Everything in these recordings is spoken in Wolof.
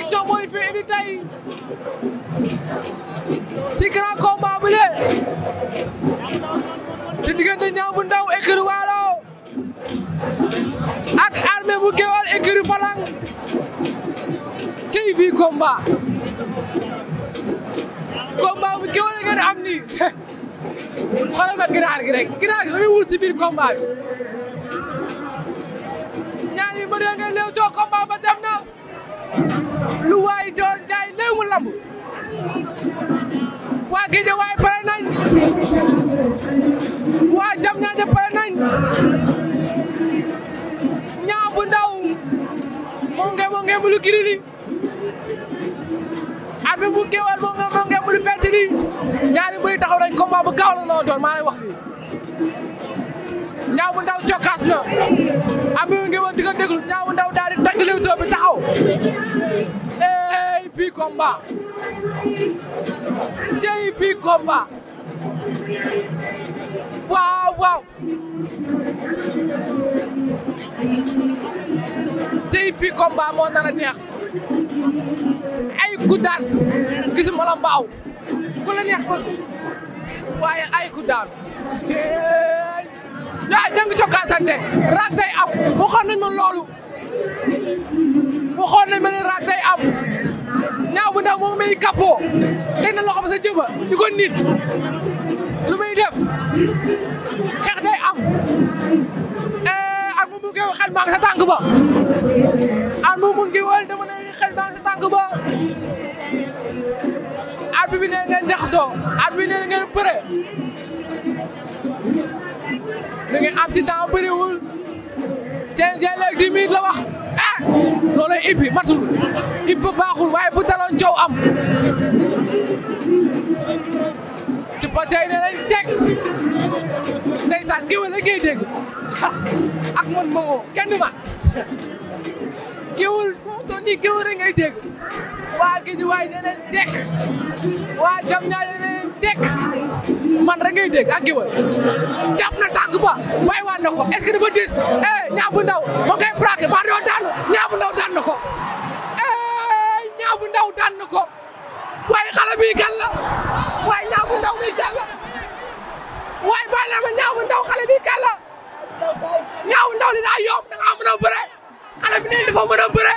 production mooy fi indi tey ci grand combat bi le ci diggante Niang bu Ndaw écurie Waalo ak Armé bu Géwal écurie Falang ci bi combat combat bu Géwal ngeen am ni xoolal ko ginaar gi rek ginaar gi dañuy wut ci biir combat bi ñaari mbër ya ngeen leew too combat ba dem na lu waay doon jaay léegi lamb waa Géeja waay pare nañ waa jam ñaaje pare nañ ñaa bu ndaw moom ngeen moom ngeen mulu giri li at bi ñaari mbir taxaw nañ combat la loo doon maa lay ñaa bu ndaw na am na ngeen war di ko déglu ñaa bu combat GIP combat waaw waaw GIP combat moo nar a neex ay ku daan gisuma la mbaaw ku la neex fa waaye ay ku daan daa danga jokkaasante raag day am waxoon nañ ma loolu waxoon nañ ma raag day am ñaaw bu ndaw moom may kàppoo teg na sa jëba di ko nit lu muy def xeex day am eh, ak mu mu ngi xel maa ngi ba ak mu mu ngi wal dama ne li xel maa ngi sa tànk ba at bi ngeen jaxasoo at bi ngeen bëre da am ci temps bëriwul 15 heures léegi 10 minutes la wax loolay ibbi matul ibbi baaxul waaye bu daloon coow am ci batay ne lañ teg ndeysaan géwél la ngay dégg ak man moomoo kenn ma géwél bu mu toll nii géwél waa géej waay ne leen waa jam ñaa ne leen teg man rek ngay dégg ak géwél na tànk ba bàyyiwaat na ko est-ce que dis eh ñaa bu ndaw ma koy maa doon daanu bii kan la waaye ñaaw bu ndaw bii kan waaye bàyyi naa ma ñaaw bu ndaw xale bii kan li daa yomb da ngaa bëre xale bi nii dafa mën bëre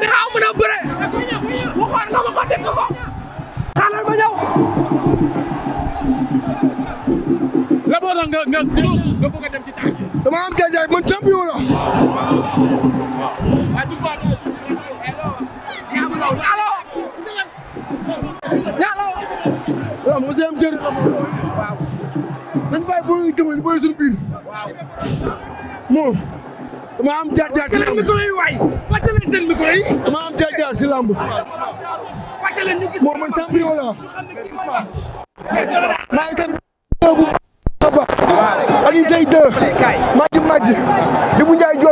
da ngaa mën a bëre nga ma ko def nga ko xaaral ma ñëw. la boo nga nga nga bëgg a dem ci am cër nañ bàyyi boo ñu gëmal booy suñu biir moom dama am jaar jaar ci lamb micro yi waay wàcce leen seen micro yi dama am jaar jaar ci lamb wàcce leen ñu gis moom man champion wala maa ngi sant bu baax a baax ani say deux majj majj di bu njaay